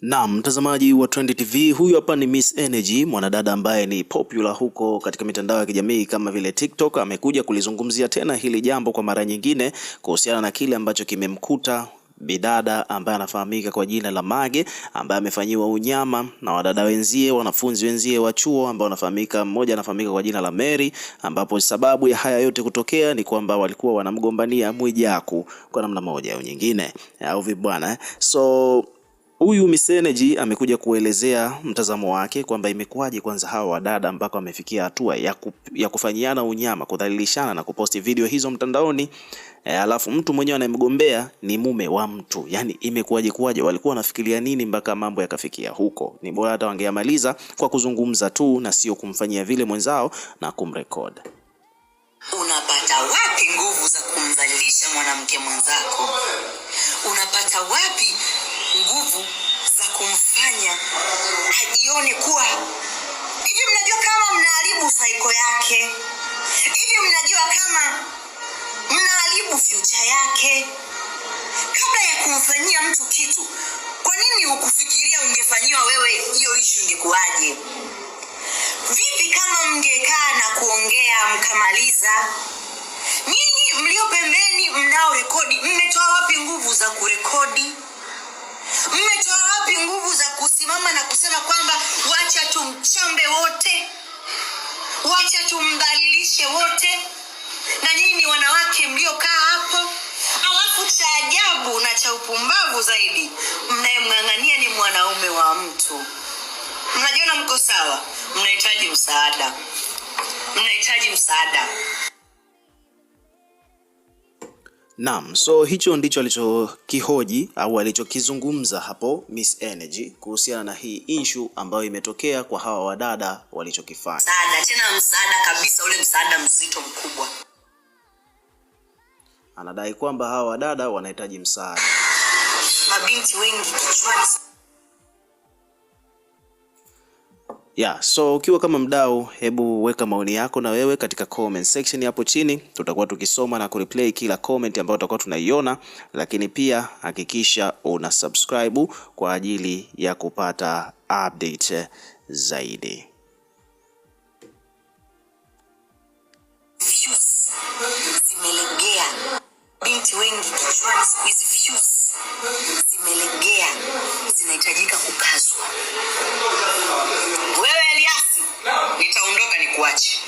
Na mtazamaji wa Trend TV, huyu hapa ni Miss Energy, mwanadada ambaye ni popular huko katika mitandao ya kijamii kama vile TikTok. Amekuja kulizungumzia tena hili jambo kwa mara nyingine kuhusiana na kile ambacho kimemkuta bidada ambaye anafahamika kwa jina la Mage ambaye amefanyiwa unyama na wadada wenzie, wanafunzi wenzie wa chuo ambao wanafahamika, mmoja anafahamika kwa jina la Mary, ambapo sababu ya haya yote kutokea ni kwamba walikuwa wanamgombania Mwijaku kwa namna moja au nyingine au vibwana so Huyu Mr amekuja kuelezea mtazamo wake kwamba imekuwaje kwanza hawa wadada mpaka wamefikia hatua ya, ku, ya kufanyiana unyama, kudhalilishana na kuposti video hizo mtandaoni e, alafu mtu mwenyewe anayemgombea ni mume wa mtu. Yani imekuwaje kuwaje, walikuwa wanafikiria nini mpaka mambo yakafikia huko? Ni bora hata wangeamaliza kwa kuzungumza tu na sio kumfanyia vile mwenzao na kumrekodi. Unapata wapi nguvu za kumdhalilisha mwanamke mwenzako? Unapata wapi nguvu za kumfanya ajione kuwa hivi. Mnajua kama mnaharibu saiko yake hivi, mnajua kama mnaharibu fyucha yake. Kabla ya kumfanyia mtu kitu, kwa nini hukufikiria ungefanyiwa wewe? Hiyo ishu ingekuwaje? Vipi kama mngekaa na kuongea mkamaliza? Nyinyi mlio pembeni, mnao rekodi, mmetoa wapi nguvu za kurekodi? kusimama na kusema kwamba wacha tumchombe wote, wacha tumdhalilishe wote, na nyinyi wanawake mliokaa hapo. Alafu cha ajabu na cha upumbavu zaidi, mnayemng'ang'ania ni mwanaume wa mtu. Mnajiona mko sawa, mnahitaji msaada, mnahitaji msaada. Naam, so hicho ndicho alichokihoji au alichokizungumza hapo Miss Energy kuhusiana na hii issue ambayo imetokea kwa hawa wadada walichokifanya. Msaada, tena msaada kabisa, ule msaada mzito mkubwa. Anadai kwamba hawa wadada wanahitaji msaada. Mabinti wengi kichwani Yeah, so ukiwa kama mdau, hebu weka maoni yako na wewe katika comment section hapo chini. Tutakuwa tukisoma na kureplay kila comment ambayo tutakuwa tunaiona, lakini pia hakikisha una subscribe kwa ajili ya kupata update zaidi. much.